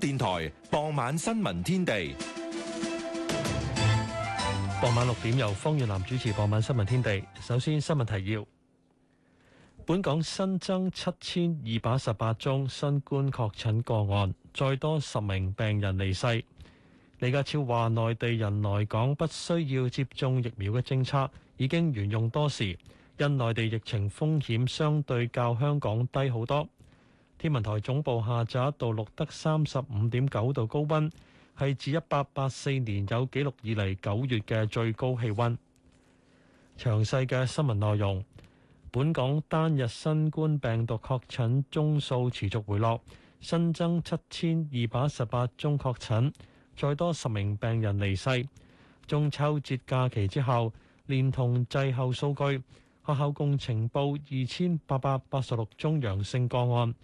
電台傍晚新聞天地，傍晚六點由方月南主持。傍晚新聞天地，首先新聞提要：本港新增七千二百十八宗新冠確診個案，再多十名病人離世。李家超話，內地人來港不需要接種疫苗嘅政策已經沿用多時，因內地疫情風險相對較香港低好多。天文台總部下晝一度錄得三十五點九度高溫，係自一八八四年有記錄以嚟九月嘅最高氣溫。詳細嘅新聞內容，本港單日新冠病毒確診宗數持續回落，新增七千二百一十八宗確診，再多十名病人離世。中秋節假期之後，連同滯後數據。學校共呈報二千八百八十六宗陽性個案，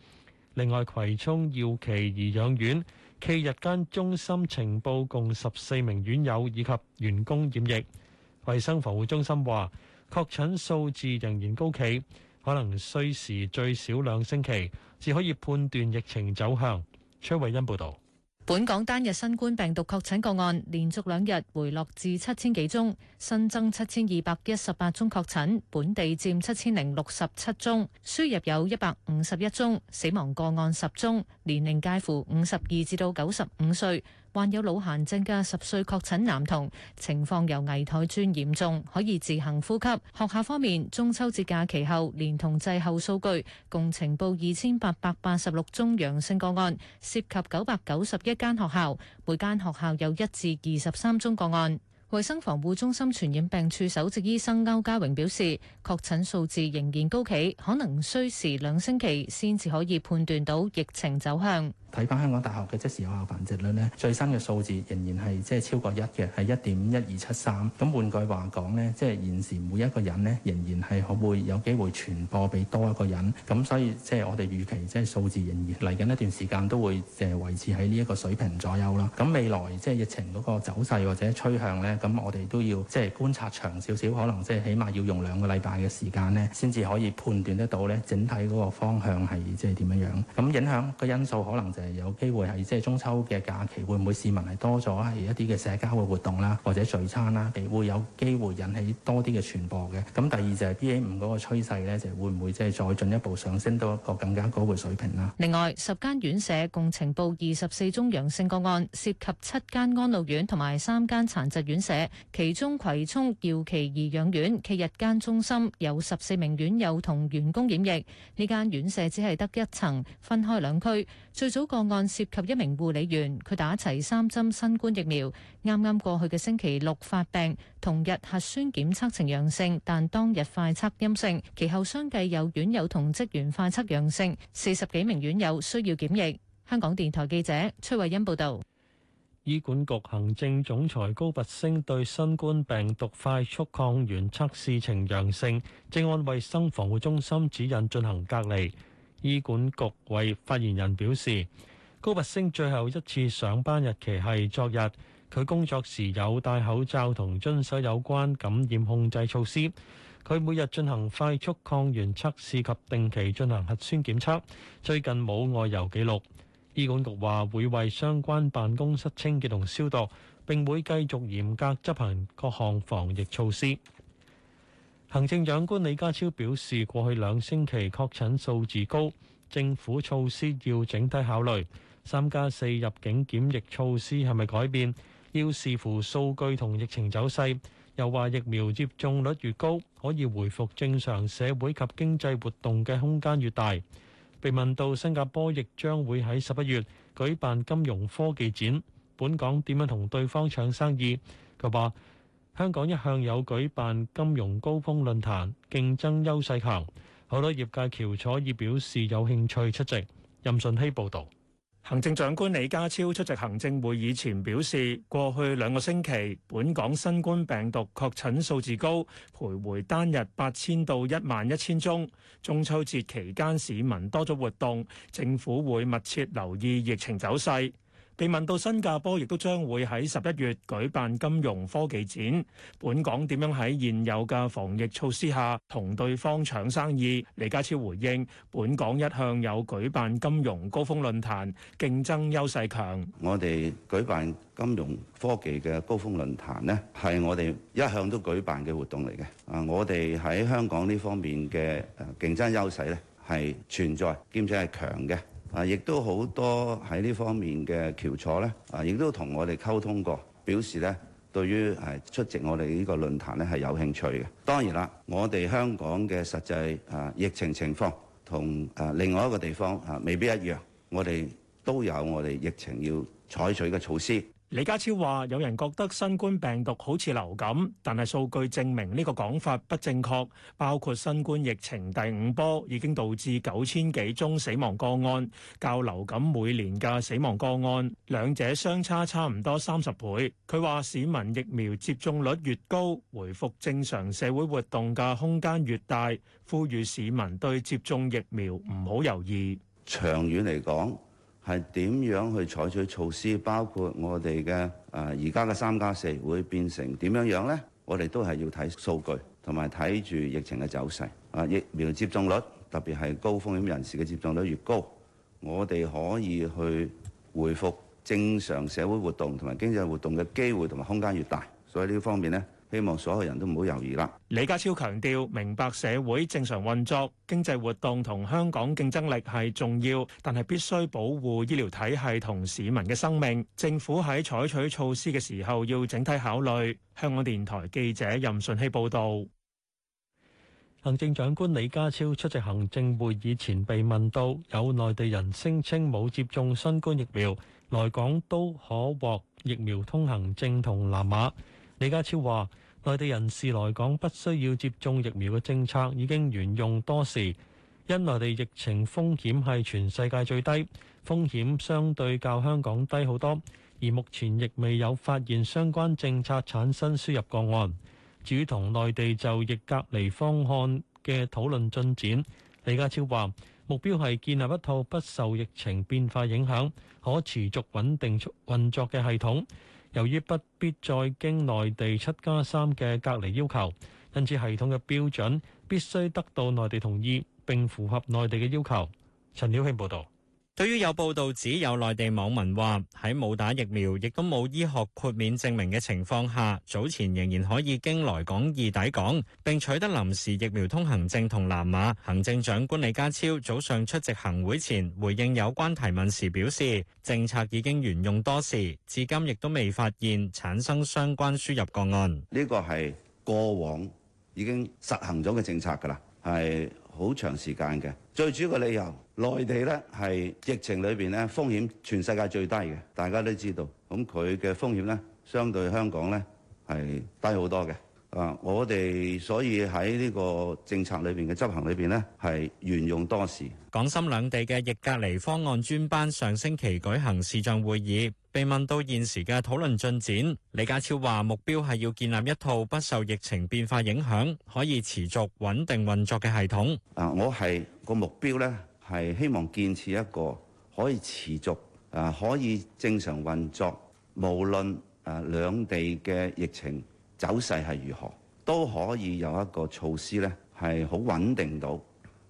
另外葵涌耀奇頤養院暨日間中心呈報共十四名院友以及員工染疫。衛生防護中心話，確診數字仍然高企，可能需時最少兩星期至可以判斷疫情走向。崔慧恩報道。本港單日新冠病毒確診個案連續兩日回落至七千幾宗，新增七千二百一十八宗確診，本地佔七千零六十七宗，輸入有一百五十一宗，死亡個案十宗，年齡介乎五十二至到九十五歲。患有腦癇症嘅十歲確診男童情況由危殆轉嚴重，可以自行呼吸。學校方面，中秋節假期後連同滯後數據，共呈報二千八百八十六宗陽性個案，涉及九百九十一間學校，每間學校有一至二十三宗個案。衛生防護中心傳染病處首席醫生歐家榮表示，確診數字仍然高企，可能需時兩星期先至可以判斷到疫情走向。睇翻香港大學嘅即時有效繁殖率咧，最新嘅數字仍然係即係超過一嘅，係一點一二七三。咁換句話講咧，即係現時每一個人咧，仍然係會有機會傳播俾多一個人。咁所以即係我哋預期，即係數字仍然嚟緊一段時間都會誒維持喺呢一個水平左右啦。咁未來即係疫情嗰個走勢或者趨向咧，咁我哋都要即係觀察長少少，可能即係起碼要用兩個禮拜嘅時間咧，先至可以判斷得到咧，整體嗰個方向係即係點樣樣。咁影響嘅因素可能，就係誒有機會係即係中秋嘅假期，會唔會市民係多咗係一啲嘅社交嘅活動啦，或者聚餐啦，係會有機會引起多啲嘅傳播嘅。咁第二就係 BA 五嗰個趨勢咧，會會就會唔會即係再進一步上升到一個更加高嘅水平啦？另外，十間院舍共呈報二十四宗陽性個案，涉及七間安老院同埋三間殘疾院舍。其中葵涌耀奇頤養院暨日間中心有十四名院友同員工染疫。呢間院舍只係得一層，分開兩區，最早。個案涉及一名護理員，佢打齊三針新冠疫苗，啱啱過去嘅星期六發病，同日核酸檢測呈陽性，但當日快測陰性，其後相繼有院友同職員快測陽性，四十幾名院友需要檢疫。香港電台記者崔慧欣報道。醫管局行政總裁高拔升對新冠病毒快速抗原測試呈陽性，正按衛生防護中心指引進行隔離。醫管局為發言人表示，高拔陞最後一次上班日期係昨日，佢工作時有戴口罩同遵守有關感染控制措施，佢每日進行快速抗原測試及定期進行核酸檢測，最近冇外遊記錄。醫管局話會為相關辦公室清潔同消毒，並會繼續嚴格執行各項防疫措施。行政長官李家超表示，過去兩星期確診數字高，政府措施要整體考慮。三加四入境檢疫措施係咪改變，要視乎數據同疫情走勢。又話疫苗接種率越高，可以回復正常社會及經濟活動嘅空間越大。被問到新加坡亦將會喺十一月舉辦金融科技展，本港點樣同對方搶生意，佢話：香港一向有舉辦金融高峰論壇，競爭優勢強，好多業界翹楚已表示有興趣出席。任順希報導。行政長官李家超出席行政會議前表示，過去兩個星期，本港新冠病毒確診數字高，徘徊單日八千到一萬一千宗。中秋節期間市民多咗活動，政府會密切留意疫情走勢。被問到新加坡亦都將會喺十一月舉辦金融科技展，本港點樣喺現有嘅防疫措施下同對方搶生意？李家超回應：本港一向有舉辦金融高峰論壇，競爭優勢強。我哋舉辦金融科技嘅高峰論壇呢，係我哋一向都舉辦嘅活動嚟嘅。啊，我哋喺香港呢方面嘅競爭優勢咧，係存在兼且係強嘅。啊，亦都好多喺呢方面嘅翹楚咧，啊，亦都同我哋溝通過，表示咧對於係出席我哋呢個論壇咧係有興趣嘅。當然啦，我哋香港嘅實際啊疫情情況同啊另外一個地方啊未必一樣，我哋都有我哋疫情要採取嘅措施。李家超話：有人覺得新冠病毒好似流感，但係數據證明呢個講法不正確。包括新冠疫情第五波已經導致九千幾宗死亡個案，較流感每年嘅死亡個案，兩者相差差唔多三十倍。佢話市民疫苗接種率越高，回復正常社會活動嘅空間越大，呼籲市民對接種疫苗唔好猶豫。長遠嚟講。係點樣去採取措施？包括我哋嘅誒而家嘅三加四會變成點樣樣呢？我哋都係要睇數據，同埋睇住疫情嘅走勢。啊，疫苗接種率特別係高風險人士嘅接種率越高，我哋可以去回復正常社會活動同埋經濟活動嘅機會同埋空間越大。所以呢方面呢。希望所有人都唔好猶豫啦。李家超強調，明白社會正常運作、經濟活動同香港競爭力係重要，但係必須保護醫療體系同市民嘅生命。政府喺採取措施嘅時候要整體考慮。香港電台記者任順希報道。行政長官李家超出席行政會議前被問到，有內地人聲稱冇接種新冠疫苗來港都可獲疫苗通行證同藍碼。李家超話：內地人士來港不需要接種疫苗嘅政策已經沿用多時，因內地疫情風險係全世界最低，風險相對較香港低好多，而目前亦未有發現相關政策產生輸入個案。至於同內地就疫隔離方案嘅討論進展，李家超話，目標係建立一套不受疫情變化影響、可持續穩定運作嘅系統。由於不必再經內地七加三嘅隔離要求，因此系統嘅標準必須得到內地同意，並符合內地嘅要求。陳曉慶報導。對於有報道指有內地網民話喺冇打疫苗，亦都冇醫學豁免證明嘅情況下，早前仍然可以經來港而抵港，並取得臨時疫苗通行證，同南馬行政長官李家超早上出席行會前回應有關提問時表示，政策已經沿用多時，至今亦都未發現產生相關輸入個案。呢個係過往已經實行咗嘅政策㗎啦，係好長時間嘅。最主要嘅理由。內地咧係疫情裏邊咧風險全世界最低嘅，大家都知道。咁佢嘅風險咧，相對香港咧係低好多嘅。啊，我哋所以喺呢個政策裏邊嘅執行裏邊咧，係沿用多時。港深兩地嘅逆隔離方案專班上星期舉行視像會議，被問到現時嘅討論進展，李家超話目標係要建立一套不受疫情變化影響，可以持續穩定運作嘅系統。啊，我係個目標咧。係希望建設一個可以持續啊，可以正常運作，無論啊兩地嘅疫情走勢係如何，都可以有一個措施呢係好穩定到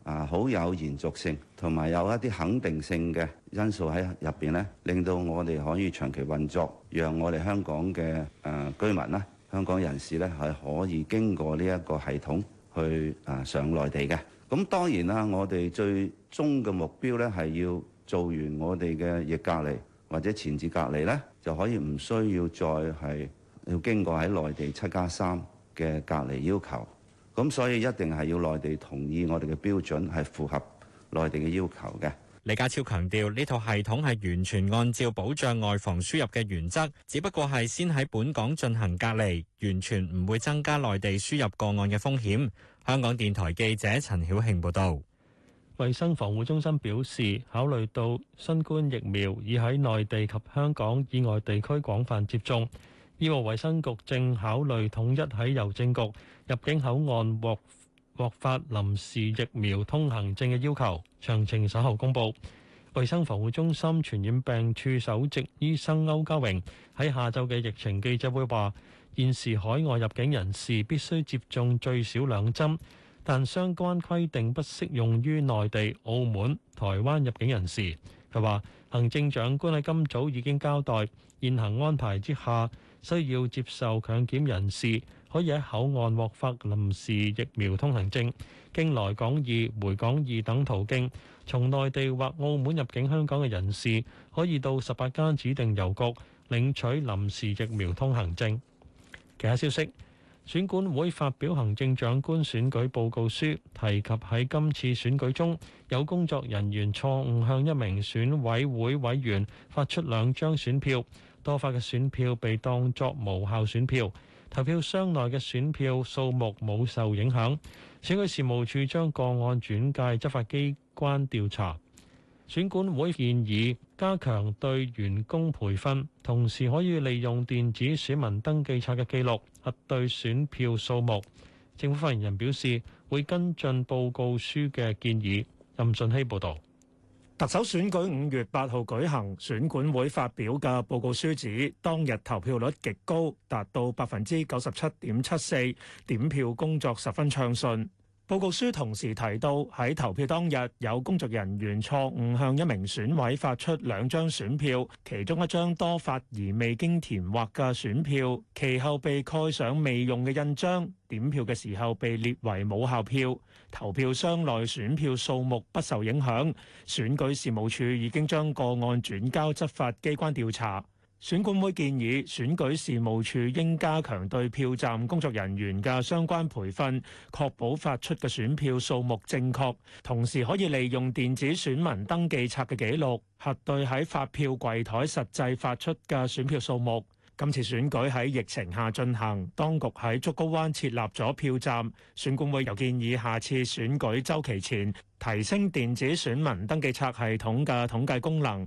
啊，好有延續性，同埋有一啲肯定性嘅因素喺入面呢，令到我哋可以長期運作，讓我哋香港嘅誒居民啦、香港人士呢，係可以經過呢一個系統去啊上內地嘅。咁當然啦，我哋最終嘅目標咧係要做完我哋嘅逆隔離或者前置隔離咧，就可以唔需要再係要經過喺內地七加三嘅隔離要求。咁所以一定係要內地同意我哋嘅標準係符合內地嘅要求嘅。李家超強調，呢套系統係完全按照保障外防輸入嘅原則，只不過係先喺本港進行隔離，完全唔會增加內地輸入個案嘅風險。香港電台記者陳曉慶報道，衛生防護中心表示，考慮到新冠疫苗已喺內地及香港以外地區廣泛接種，醫務衛生局正考慮統一喺郵政局入境口岸獲獲發臨時疫苗通行證嘅要求，詳情稍後公布。衛生防護中心傳染病處首席醫生歐家榮喺下晝嘅疫情記者會話。現時海外入境人士必須接種最少兩針，但相關規定不適用於內地、澳門、台灣入境人士。佢話，行政長官喺今早已經交代，現行安排之下，需要接受強檢人士可以喺口岸獲發臨時疫苗通行證。經來港易、回港易等途徑，從內地或澳門入境香港嘅人士，可以到十八間指定郵局領取臨時疫苗通行證。其他消息，選管會發表行政長官選舉報告書提及，喺今次選舉中有工作人員錯誤向一名選委會委員發出兩張選票，多發嘅選票被當作無效選票，投票箱內嘅選票數目冇受影響，選舉事務處將個案轉介執法機關調查。選管會建議加強對員工培訓，同時可以利用電子選民登記冊嘅記錄核對選票數目。政府發言人表示會跟進報告書嘅建議。任順希報導。特首選舉五月八號舉行，選管會發表嘅報告書指，當日投票率極高，達到百分之九十七點七四，點票工作十分暢順。報告書同時提到，喺投票當日有工作人員錯誤向一名選委發出兩張選票，其中一張多發而未經填劃嘅選票，其後被蓋上未用嘅印章，點票嘅時候被列為無效票。投票箱內選票數目不受影響。選舉事務處已經將個案轉交執法機關調查。選管會建議選舉事務處應加強對票站工作人員嘅相關培訓，確保發出嘅選票數目正確。同時可以利用電子選民登記冊嘅記錄，核對喺發票櫃枱實際發出嘅選票數目。今次選舉喺疫情下進行，當局喺竹篙灣設立咗票站。選管會又建議下次選舉週期前，提升電子選民登記冊系統嘅統計功能。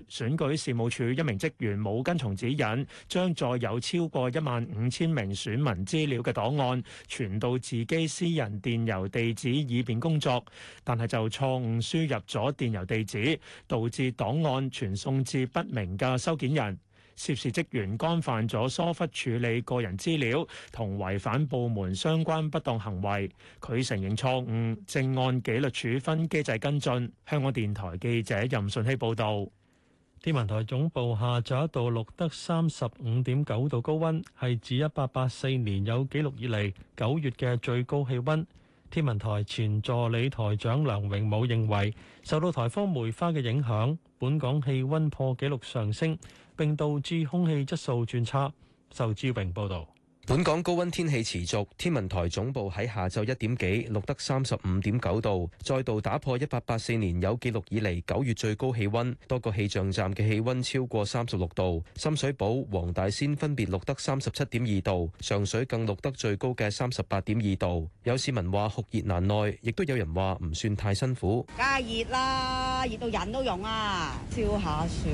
選舉事務處一名職員冇跟從指引，將載有超過一萬五千名選民資料嘅檔案傳到自己私人電郵地址以便工作，但係就錯誤輸入咗電郵地址，導致檔案傳送至不明嘅收件人，涉事職員干犯咗疏忽處理個人資料同違反部門相關不當行為。佢承認錯誤，正按紀律處分機制跟進。香港電台記者任信希報導。天文台總部下晝一度錄得三十五點九度高溫，係自一八八四年有記錄以嚟九月嘅最高氣溫。天文台前助理台長梁榮武認為，受到台風梅花嘅影響，本港氣溫破紀錄上升，並導致空氣質素轉差。仇志榮報導。本港高温天氣持續，天文台總部喺下晝一點幾錄得三十五點九度，再度打破一八八四年有記錄以嚟九月最高氣温。多個氣象站嘅氣温超過三十六度，深水埗、黃大仙分別錄得三十七點二度，上水更錄得最高嘅三十八點二度。有市民話酷熱難耐，亦都有人話唔算太辛苦。梗係熱啦，熱到人都溶啊！消下暑，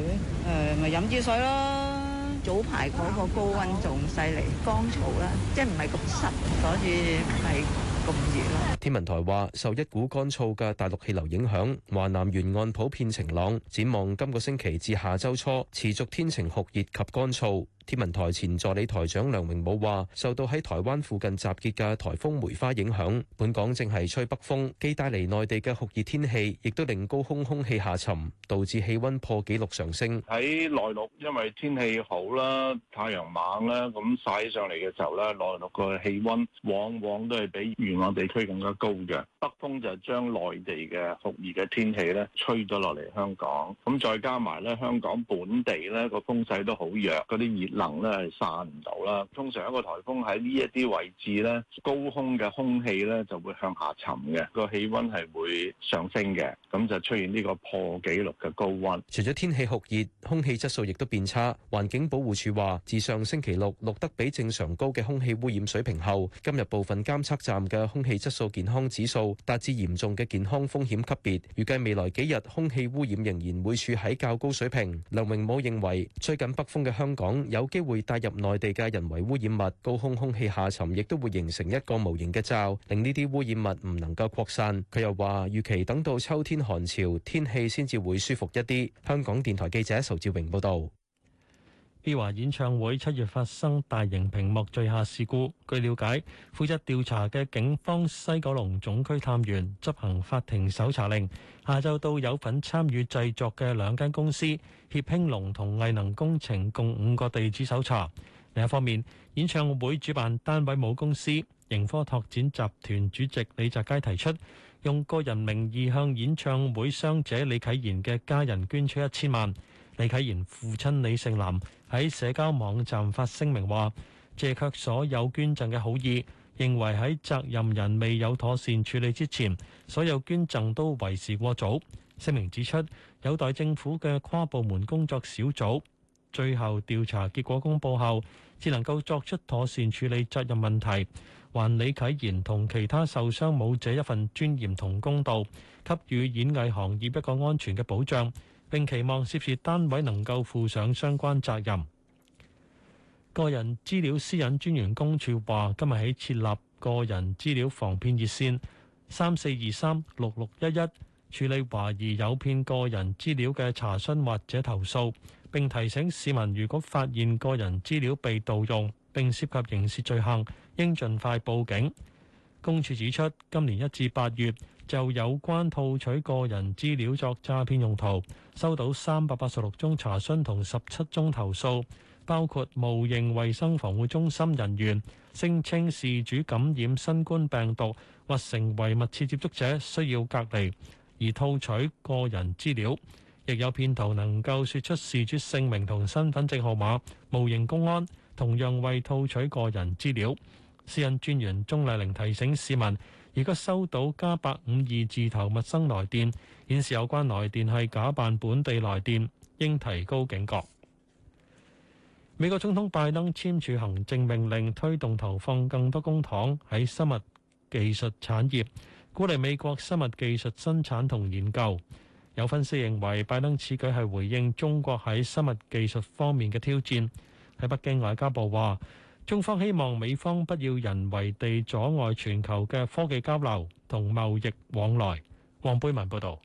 誒，咪飲支水囉～早排嗰個高温仲犀利，乾燥啦，即係唔係咁濕，所以係咁熱咯。天文台話，受一股乾燥嘅大陸氣流影響，華南沿岸普遍晴朗，展望今個星期至下週初持續天晴酷熱及乾燥。天文台前助理台長梁榮武話,受到喺台灣附近集結嘅台風梅花影響,本港正係吹北風,既帶嚟內地嘅酷熱天氣,亦都令高空空氣下沉,導致氣温破紀錄上升。喺內陸,因為天氣好啦,太陽猛啦,咁晒上嚟嘅時候,內陸個氣温往往都係比沿岸地區更加高嘅。北風就將內地嘅酷熱天氣吹咗落嚟香港,咁再加埋香港本地個風勢都好弱,能咧係散唔到啦。通常一個台風喺呢一啲位置咧，高空嘅空氣咧就會向下沉嘅，個氣溫係會上升嘅。咁就出現呢個破紀錄嘅高溫。除咗天氣酷熱，空氣質素亦都變差。環境保護署話，自上星期六錄得比正常高嘅空氣污染水平後，今日部分監測站嘅空氣質素健康指數達至嚴重嘅健康風險級別。預計未來幾日空氣污染仍然會處喺較高水平。梁榮武認為，吹緊北風嘅香港有機會帶入內地嘅人為污染物，高空空氣下沉亦都會形成一個無形嘅罩，令呢啲污染物唔能夠擴散。佢又話，預期等到秋天。寒潮，天氣先至會舒服一啲。香港電台記者仇志榮報導。必華演唱會七月發生大型屏幕墜下事故。據瞭解，負責調查嘅警方西九龍總區探員執行法庭搜查令，下晝到有份參與製作嘅兩間公司協興隆同藝能工程共五個地址搜查。另一方面，演唱會主辦單位母公司盈科拓展集團主席李澤楷提出，用個人名義向演唱會傷者李啟賢嘅家人捐出一千萬。李啟賢父親李盛林喺社交網站發聲明話，謝卻所有捐贈嘅好意，認為喺責任人未有妥善處理之前，所有捐贈都為時過早。聲明指出，有待政府嘅跨部門工作小組最後調查結果公佈後，只能夠作出妥善處理責任問題，還李啟言同其他受傷舞者一份尊嚴同公道，給予演藝行業一個安全嘅保障，並期望涉事單位能夠負上相關責任。個人資料私隱專員公署話：今日起設立個人資料防騙熱線三四二三六六一一。處理懷疑誘騙個人資料嘅查詢或者投訴，並提醒市民如果發現個人資料被盜用並涉及刑事罪行，應盡快報警。公署指出，今年一至八月就有關套取個人資料作詐騙用途，收到三百八十六宗查詢同十七宗投訴，包括無形衞生防護中心人員聲稱事主感染新冠病毒或成為密切接觸者，需要隔離。而套取個人資料，亦有騙徒能夠説出事主姓名同身份證號碼。無形公安同樣為套取個人資料。私隱專員鍾麗玲提醒市民，如果收到加八五二字頭陌生來電，顯示有關來電係假扮本地來電，應提高警覺。美國總統拜登簽署行政命令，推動投放更多公帑喺生物技術產業。鼓勵美國生物技術生產同研究。有分析認為，拜登此舉係回應中國喺生物技術方面嘅挑戰。喺北京外交部話，中方希望美方不要人為地阻礙全球嘅科技交流同貿易往來。黃貝文報導。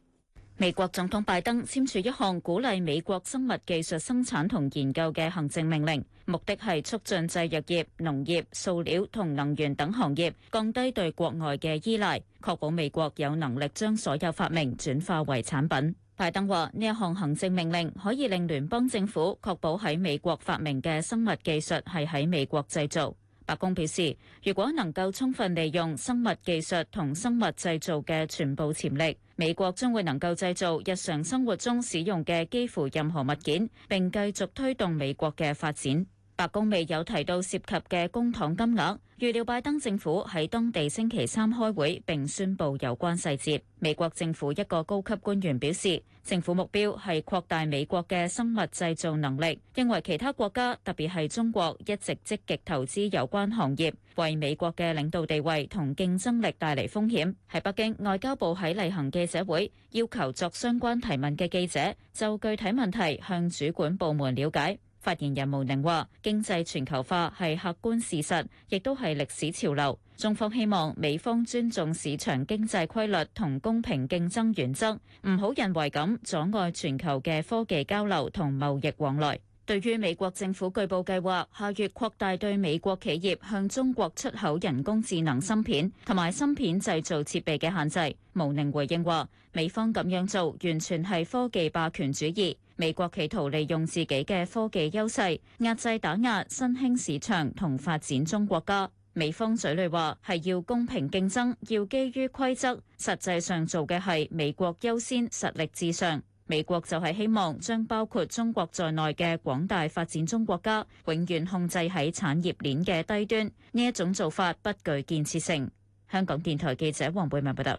美國總統拜登簽署一項鼓勵美國生物技術生產同研究嘅行政命令，目的係促進製藥業、農業、塑料同能源等行業，降低對國外嘅依賴，確保美國有能力將所有發明轉化為產品。拜登話呢項行政命令可以令聯邦政府確保喺美國發明嘅生物技術係喺美國製造。白宮表示，如果能夠充分利用生物技術同生物製造嘅全部潛力美國將會能夠製造日常生活中使用嘅幾乎任何物件，並繼續推動美國嘅發展。白宮未有提到涉及嘅公帑金額，預料拜登政府喺當地星期三開會並宣布有關細節。美國政府一個高級官員表示，政府目標係擴大美國嘅生物製造能力，認為其他國家，特別係中國，一直積極投資有關行業，為美國嘅領導地位同競爭力帶嚟風險。喺北京，外交部喺例行記者會要求作相關提問嘅記者就具體問題向主管部門了解。發言人毛寧話：經濟全球化係客觀事實，亦都係歷史潮流。中方希望美方尊重市場經濟規律同公平競爭原則，唔好人為咁阻礙全球嘅科技交流同貿易往來。對於美國政府據報計劃下月擴大對美國企業向中國出口人工智能芯片同埋芯片製造設備嘅限制，毛寧回應話：美方咁樣做完全係科技霸權主義。美國企圖利用自己嘅科技優勢，壓制打壓新興市場同發展中國家。美方嘴裏話，係要公平競爭要基於規則，實際上做嘅係美國優先、實力至上。美國就係希望將包括中國在內嘅廣大發展中國家永遠控制喺產業鏈嘅低端。呢一種做法不具建設性。香港電台記者黃貝文報道。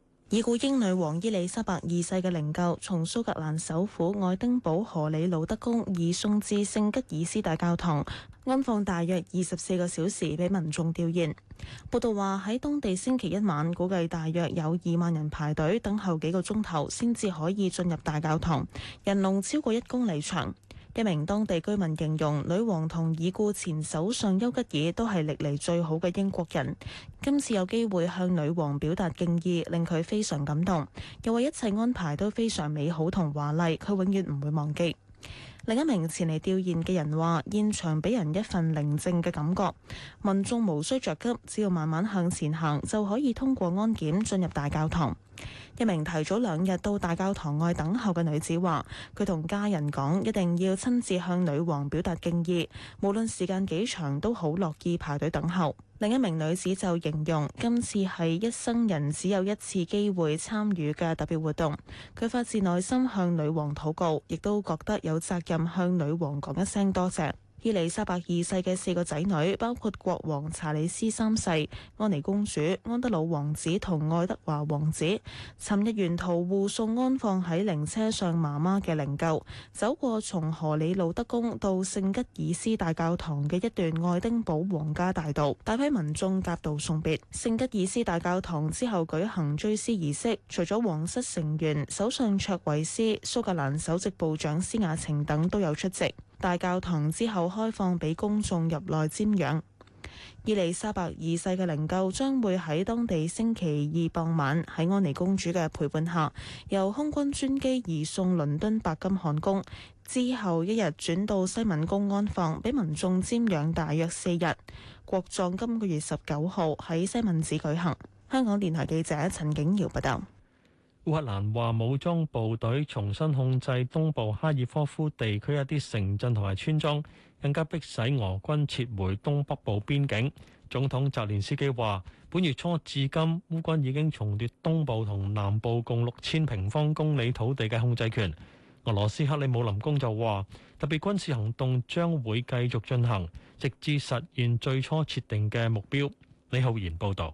已故英女王伊莉莎白二世嘅靈柩從蘇格蘭首府愛丁堡荷里路德宮移送至聖吉爾斯大教堂安放，大約二十四個小時俾民眾悼念。報道話喺當地星期一晚，估計大約有二萬人排隊等候幾個鐘頭先至可以進入大教堂，人龍超過一公里長。一名當地居民形容女王同已故前首相丘吉爾都係歷嚟最好嘅英國人，今次有機會向女王表達敬意，令佢非常感動。又話一切安排都非常美好同華麗，佢永遠唔會忘記。另一名前嚟吊唁嘅人話：現場俾人一份寧靜嘅感覺，民眾無需着急，只要慢慢向前行就可以通過安檢進入大教堂。一名提早兩日到大教堂外等候嘅女子話，佢同家人講一定要親自向女王表達敬意，無論時間幾長都好樂意排隊等候。另一名女子就形容今次係一生人只有一次機會參與嘅特別活動，佢發自內心向女王禱告，亦都覺得有責任向女王講一聲多謝。伊麗莎白二世嘅四個仔女，包括國王查理斯三世、安妮公主、安德魯王子同愛德華王子，尋日沿途護送安放喺靈車上媽媽嘅靈柩，走過從荷里路德宮到聖吉爾斯大教堂嘅一段愛丁堡皇家大道，大批民眾夾道送別。聖吉爾斯大教堂之後舉行追思儀式，除咗皇室成員，首相卓維斯、蘇格蘭首席部長施雅晴等都有出席。大教堂之後開放俾公眾入內瞻仰。伊利沙伯二世嘅靈柩將會喺當地星期二傍晚喺安妮公主嘅陪伴下，由空軍專機移送倫敦白金漢宮，之後一日轉到西敏宮安放俾民眾瞻仰，大約四日。國葬今個月十九號喺西敏寺舉行。香港電台記者陳景堯報道。烏克蘭話武裝部隊重新控制東部哈爾科夫地區一啲城鎮同埋村莊，更加迫使俄軍撤回東北部邊境。總統澤連斯基話，本月初至今，烏軍已經重奪東部同南部共六千平方公里土地嘅控制權。俄羅斯克里姆林宮就話，特別軍事行動將會繼續進行，直至實現最初設定嘅目標。李浩然報道。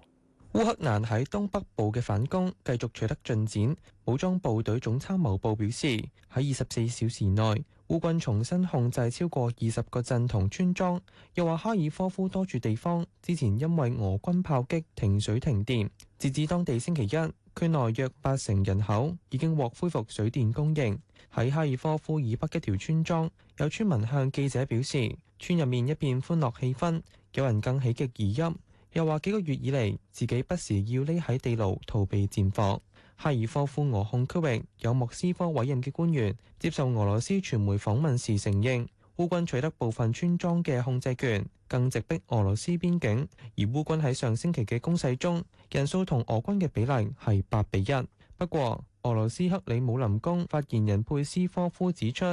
烏克蘭喺東北部嘅反攻繼續取得進展，武裝部隊總參謀部表示，喺二十四小時內，烏軍重新控制超過二十個鎮同村莊。又話，哈爾科夫多處地方之前因為俄軍炮擊停水停電，截至當地星期一，區內約八成人口已經獲恢復水電供應。喺哈爾科夫以北一條村莊，有村民向記者表示，村入面一片歡樂氣氛，有人更喜極而泣。又話幾個月以嚟，自己不時要匿喺地牢逃避戰火。哈爾科夫俄控區域有莫斯科委任嘅官員接受俄羅斯傳媒訪問時承認，烏軍取得部分村莊嘅控制權，更直逼俄羅斯邊境。而烏軍喺上星期嘅攻勢中，人數同俄軍嘅比例係八比一。不過，俄羅斯克里姆林宮發言人佩斯科夫指出，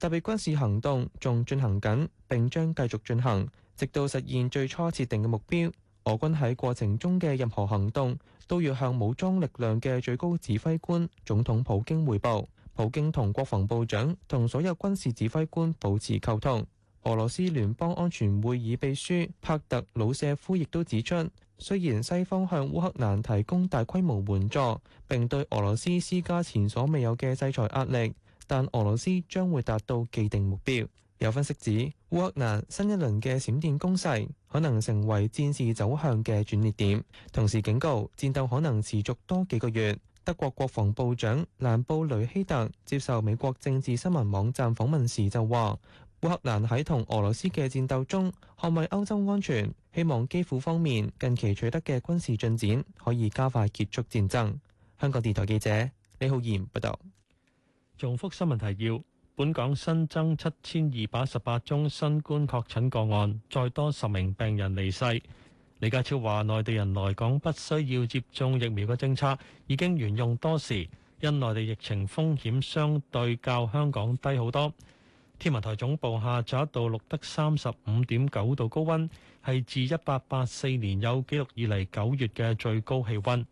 特別軍事行動仲進行緊，並將繼續進行，直到實現最初設定嘅目標。俄軍喺過程中嘅任何行動，都要向武裝力量嘅最高指揮官總統普京彙報。普京同國防部長同所有軍事指揮官保持溝通。俄羅斯聯邦安全會議秘書帕特魯舍夫亦都指出，雖然西方向烏克蘭提供大規模援助，並對俄羅斯施加前所未有嘅制裁壓力，但俄羅斯將會達到既定目標。有分析指，烏克蘭新一輪嘅閃電攻勢可能成為戰事走向嘅轉捩點，同時警告戰鬥可能持續多幾個月。德國國防部長蘭布雷希特接受美國政治新聞網站訪問時就話，烏克蘭喺同俄羅斯嘅戰鬥中捍衛歐洲安全，希望基輔方面近期取得嘅軍事進展可以加快結束戰爭。香港電台記者李浩然報道。重複新聞提要。本港新增七千二百十八宗新冠確診個案，再多十名病人離世。李家超話：內地人來港不需要接種疫苗嘅政策已經沿用多時，因內地疫情風險相對較香港低好多。天文台總部下晝一度錄得三十五點九度高溫，係自一八八四年有記錄以嚟九月嘅最高氣溫。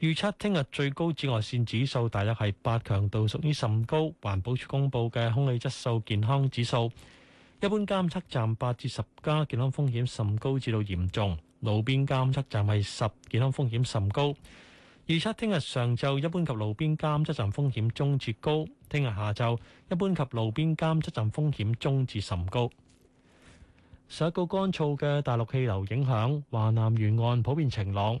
預測聽日最高紫外線指數大約係八，強度屬於甚高。環保署公布嘅空氣質素健康指數，一般監測站八至十加，健康風險甚高至到嚴重；路邊監測站係十，健康風險甚高。預測聽日上晝一般及路邊監測站風險中至高，聽日下晝一般及路邊監測站風險中至甚高。受一個乾燥嘅大陸氣流影響，華南沿岸普遍晴朗。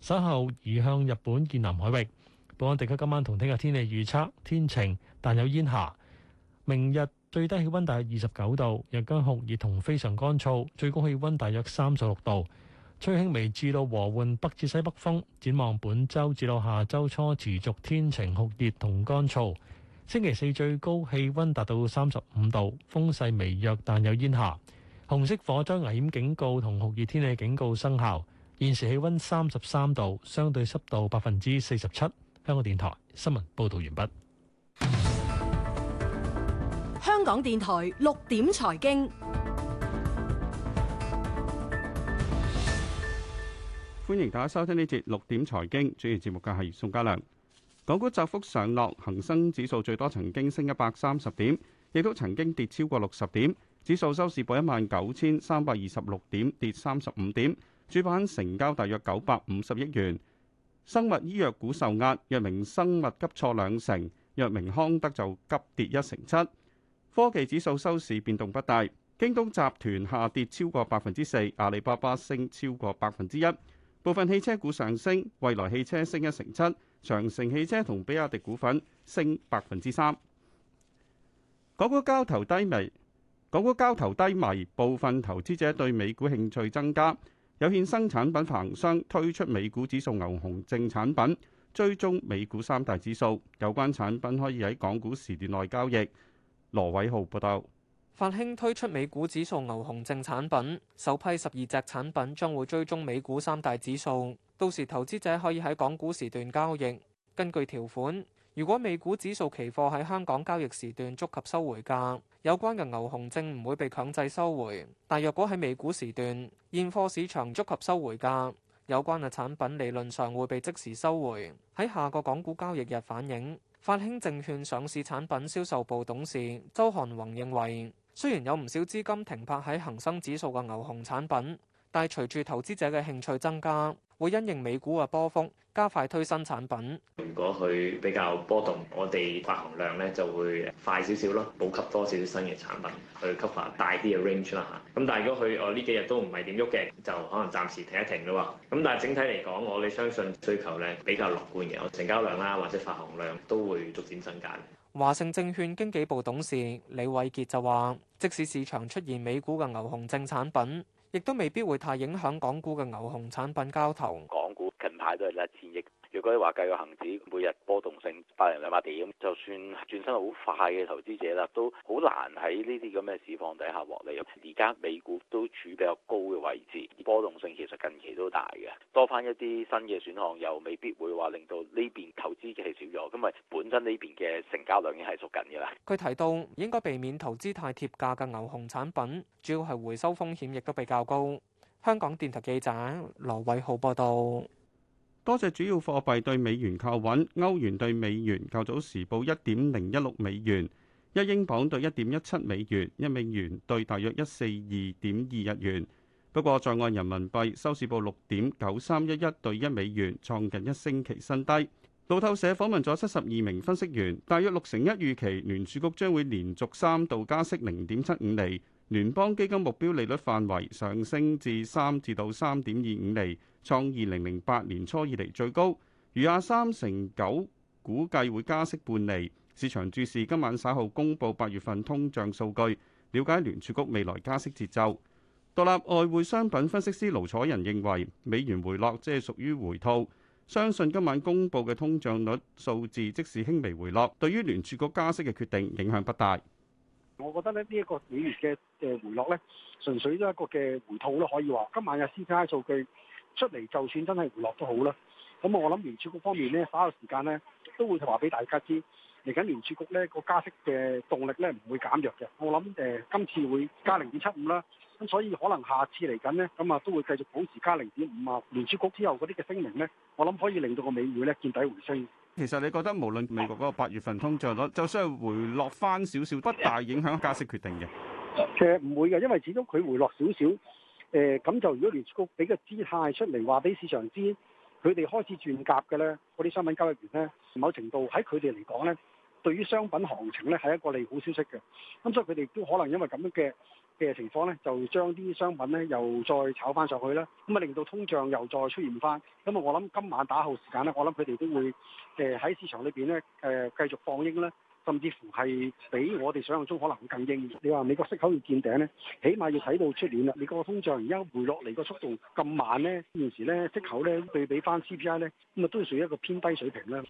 稍後移向日本以南海域。本港地區今晚同聽日天氣預測，天晴，但有煙霞。明日最低氣溫大約二十九度，日間酷熱同非常乾燥，最高氣溫大約三十六度，吹輕微至到和緩北至西北風。展望本週至到下周初持續天晴酷熱同乾燥。星期四最高氣溫達到三十五度，風勢微弱，但有煙霞。紅色火災危險警告同酷熱天氣警告生效。現時氣溫三十三度，相對濕度百分之四十七。香港電台新聞報道完畢。香港電台六點財經，歡迎大家收聽呢節六點財經。主持節目嘅係宋家良。港股窄幅上落，恒生指數最多曾經升一百三十點，亦都曾經跌超過六十點。指數收市報一萬九千三百二十六點，跌三十五點。主板成交大約九百五十億元，生物醫藥股受壓，藥明生物急挫兩成，藥明康德就急跌一成七。科技指數收市變動不大，京東集團下跌超過百分之四，阿里巴巴升超過百分之一。部分汽車股上升，蔚來汽車升一成七，長城汽車同比亞迪股份升百分之三。港股交投低迷，港股交投低迷，部分投資者對美股興趣增加。有衍生產品行商推出美股指數牛熊證產品，追蹤美股三大指數。有關產品可以喺港股時段內交易。羅偉浩報道，法興推出美股指數牛熊證產品，首批十二隻產品將會追蹤美股三大指數，到時投資者可以喺港股時段交易。根據條款，如果美股指數期貨喺香港交易時段觸及收回價，有關嘅牛熊證唔會被強制收回。但若果喺美股時段現貨市場觸及收回價，有關嘅產品理論上會被即時收回，喺下個港股交易日反映，法興證券上市產品銷售部董事周漢宏認為，雖然有唔少資金停泊喺恒生指數嘅牛熊產品，但係隨住投資者嘅興趣增加，會因應美股嘅波幅加快推新產品。如果佢比較波動，我哋發行量咧就會快少少咯，補給多少新嘅產品去 cover 返大啲嘅 range 啦。咁但係如果佢我呢幾日都唔係點喐嘅，就可能暫時停一停咯。咁但係整體嚟講，我哋相信需求咧比較樂觀嘅，成交量啦或者發行量都會逐漸增加。華盛證券經紀部董事李偉傑就話：即使市場出現美股嘅牛熊證產品，亦都未必會太影響港股嘅牛熊產品交投。港股近排都係一千億。如果你話計個恒指每日波動性百零兩百點，就算轉身好快嘅投資者啦，都好難喺呢啲咁嘅市況底下獲利。而家美股都處比較高嘅位置，波動性其實近期都大嘅，多翻一啲新嘅選項，又未必會話令到呢邊投資者少咗，咁咪本身呢邊嘅成交量已經係縮緊嘅啦。佢提到應該避免投資太貼價嘅牛熊產品，主要係回收風險亦都比較高。香港電台記者羅偉浩報道。多隻主要貨幣對美元靠穩，歐元對美元較早時報一點零一六美元，一英鎊對一點一七美元，一美元對大約一四二點二日元。不過在岸人民幣收市報六點九三一一對一美元，創近一星期新低。路透社訪問咗七十二名分析員，大約六成一預期聯儲局將會連續三度加息零點七五釐，聯邦基金目標利率範圍上升至三至到三點二五釐。創二零零八年初以嚟最高，餘下三成九估計會加息半厘。市場注視今晚稍後公布八月份通脹數據，了解聯儲局未來加息節奏。獨立外匯商品分析師盧楚仁認為，美元回落即係屬於回吐，相信今晚公布嘅通脹率數字即使輕微回落，對於聯儲局加息嘅決定影響不大。我覺得咧，這個、幾呢一個美元嘅嘅回落咧，純粹都係一個嘅回吐咯，可以話今晚嘅 CPI 數據。出嚟就算真係回落都好啦，咁啊我諗聯儲局方面咧，稍後時間咧都會話俾大家知，嚟緊聯儲局咧個加息嘅動力咧唔會減弱嘅。我諗誒、呃、今次會加零點七五啦，咁所以可能下次嚟緊咧咁啊都會繼續保持加零點五啊。聯儲局之後嗰啲嘅聲明咧，我諗可以令到個美元咧見底回升。其實你覺得無論美國嗰個八月份通脹率就算回落返少少，不大影響加息決定嘅？其實唔會嘅，因為始終佢回落少少。誒咁、呃、就如果聯儲局俾個姿態出嚟話俾市場知，佢哋開始轉夾嘅咧，嗰啲商品交易員咧，某程度喺佢哋嚟講咧，對於商品行情咧係一個利好消息嘅。咁、嗯、所以佢哋都可能因為咁樣嘅嘅、呃、情況咧，就將啲商品咧又再炒翻上去啦。咁、嗯、啊，令到通脹又再出現翻。咁、嗯、啊，我諗今晚打後時間咧，我諗佢哋都會誒喺、呃、市場裏邊咧誒繼續放鷹啦。甚至乎係比我哋想象中可能會更硬。你話美國息口要見頂咧，起碼要睇到出年啦。你個通脹而家回落嚟個速度咁慢咧，現時咧息口咧對比翻 CPI 咧，咁啊都係屬於一個偏低水平啦。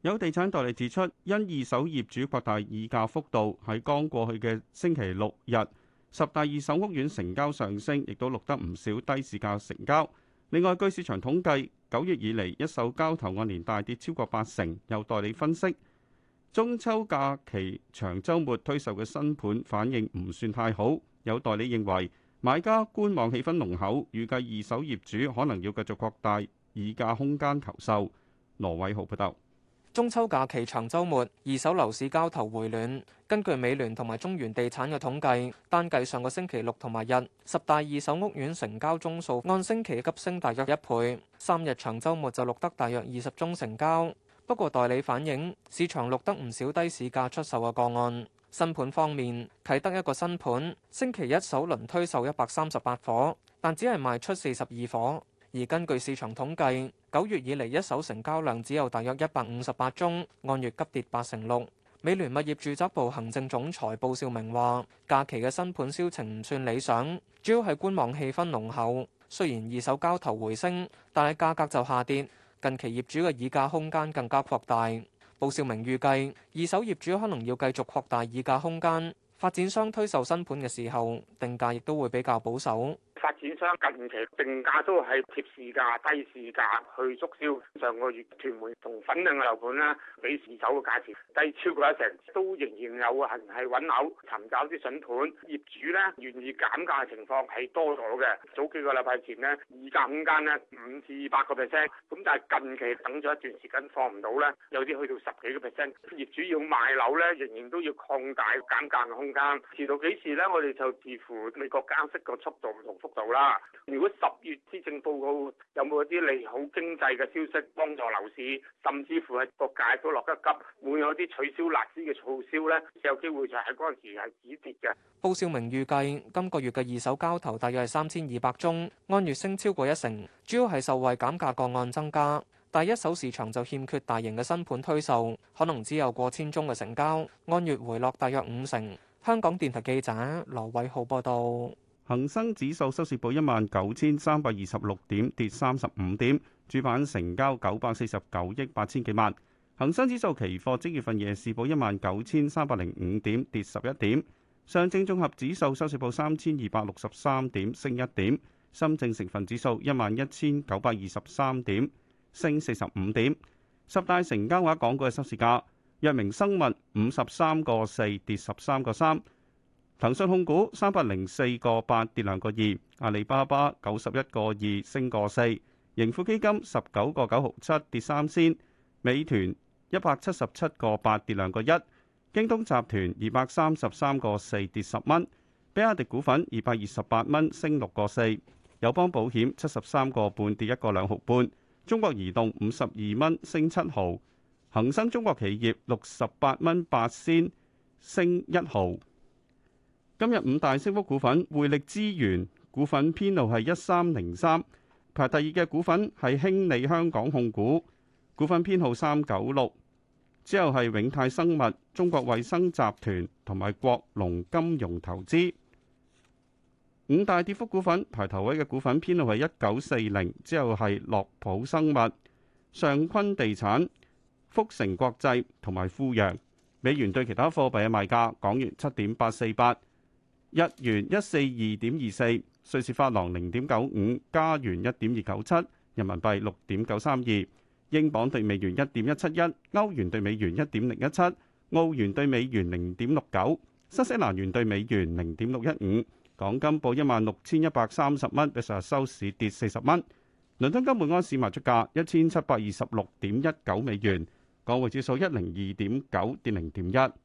有地產代理指出，因二手業主擴大議價幅度，喺剛過去嘅星期六日，十大二手屋苑成交上升，亦都錄得唔少低市價成交。另外，據市場統計，九月以嚟一手交投按年大跌超過八成。有代理分析。中秋假期長周末推售嘅新盤反應唔算太好，有代理認為買家觀望氣氛濃厚，預計二手業主可能要繼續擴大議價空間求售。羅偉豪報道。中秋假期長周末，二手樓市交投回暖。根據美聯同埋中原地產嘅統計，單計上個星期六同埋日，十大二手屋苑成交宗數按星期急升大約一倍，三日長周末就錄得大約二十宗成交。不過代理反映市場錄得唔少低市價出售嘅個案。新盤方面，啟德一個新盤星期一首輪推售一百三十八伙，但只係賣出四十二伙。而根據市場統計，九月以嚟一手成交量只有大約一百五十八宗，按月急跌八成六。美聯物業住宅部行政總裁布少明話：假期嘅新盤銷情唔算理想，主要係觀望氣氛濃厚。雖然二手交投回升，但係價格就下跌。近期業主嘅議價空間更加擴大，布少明預計二手業主可能要繼續擴大議價空間，發展商推售新盤嘅時候，定價亦都會比較保守。發展商近期定價都係貼市價、低市價去促銷。上個月屯門同粉嶺嘅樓盤咧，比市走嘅價錢低超過一成，都仍然有人係揾樓、尋找啲筍盤業主咧，願意減價嘅情況係多咗嘅。早幾個禮拜前呢，議價空間呢，五至八個 percent，咁但係近期等咗一段時間放唔到呢，有啲去到十幾個 percent。業主要賣樓呢，仍然都要擴大減價嘅空間。遲到幾時呢？我哋就視乎美國加息個速度唔同到啦！如果十月施政報告有冇一啲利好經濟嘅消息幫助樓市，甚至乎係各界都落得急，會有啲取消辣招嘅促銷呢，有機會就喺嗰陣時係止跌嘅。布少明預計今個月嘅二手交投大約係三千二百宗，按月升超過一成，主要係受惠減價個案增加。第一手市場就欠缺大型嘅新盤推售，可能只有過千宗嘅成交，按月回落大約五成。香港電台記者羅偉浩報道。恒生指數收市報一萬九千三百二十六點，跌三十五點。主板成交九百四十九億八千幾萬。恒生指數期貨即月份夜市報一萬九千三百零五點，跌十一點。上證綜合指數收市報三千二百六十三點，升一點。深證成分指數一萬一千九百二十三點，升四十五點。十大成交額港股嘅收市價：藥明生物五十三個四，跌十三個三。騰訊控股三百零四個八跌兩個二，阿里巴巴九十一個二升個四，盈富基金十九個九毫七跌三先，美團一百七十七個八跌兩個一，京東集團二百三十三個四跌十蚊，比亞迪股份二百二十八蚊升六個四，友邦保險七十三個半跌一個兩毫半，中國移動五十二蚊升七毫，恒生中國企業六十八蚊八先升一毫。今日五大升幅股份匯力資源股份編號係一三零三，排第二嘅股份係興利香港控股股份編號三九六，之後係永泰生物、中國衛生集團同埋國龍金融投資。五大跌幅股份排頭位嘅股份編號係一九四零，之後係樂普生物、上坤地產、福城國際同埋富陽。美元對其他貨幣嘅賣價，港元七點八四八。日元一四二點二四，瑞士法郎零點九五，加元一點二九七，人民幣六點九三二，英鎊對美元一點一七一，歐元對美元一點零一七，澳元對美元零點六九，新西蘭元對美元零點六一五。港金報一萬六千一百三十蚊，比上日收市跌四十蚊。倫敦金每安士賣出價一千七百二十六點一九美元，港匯指數一零二點九跌零點一。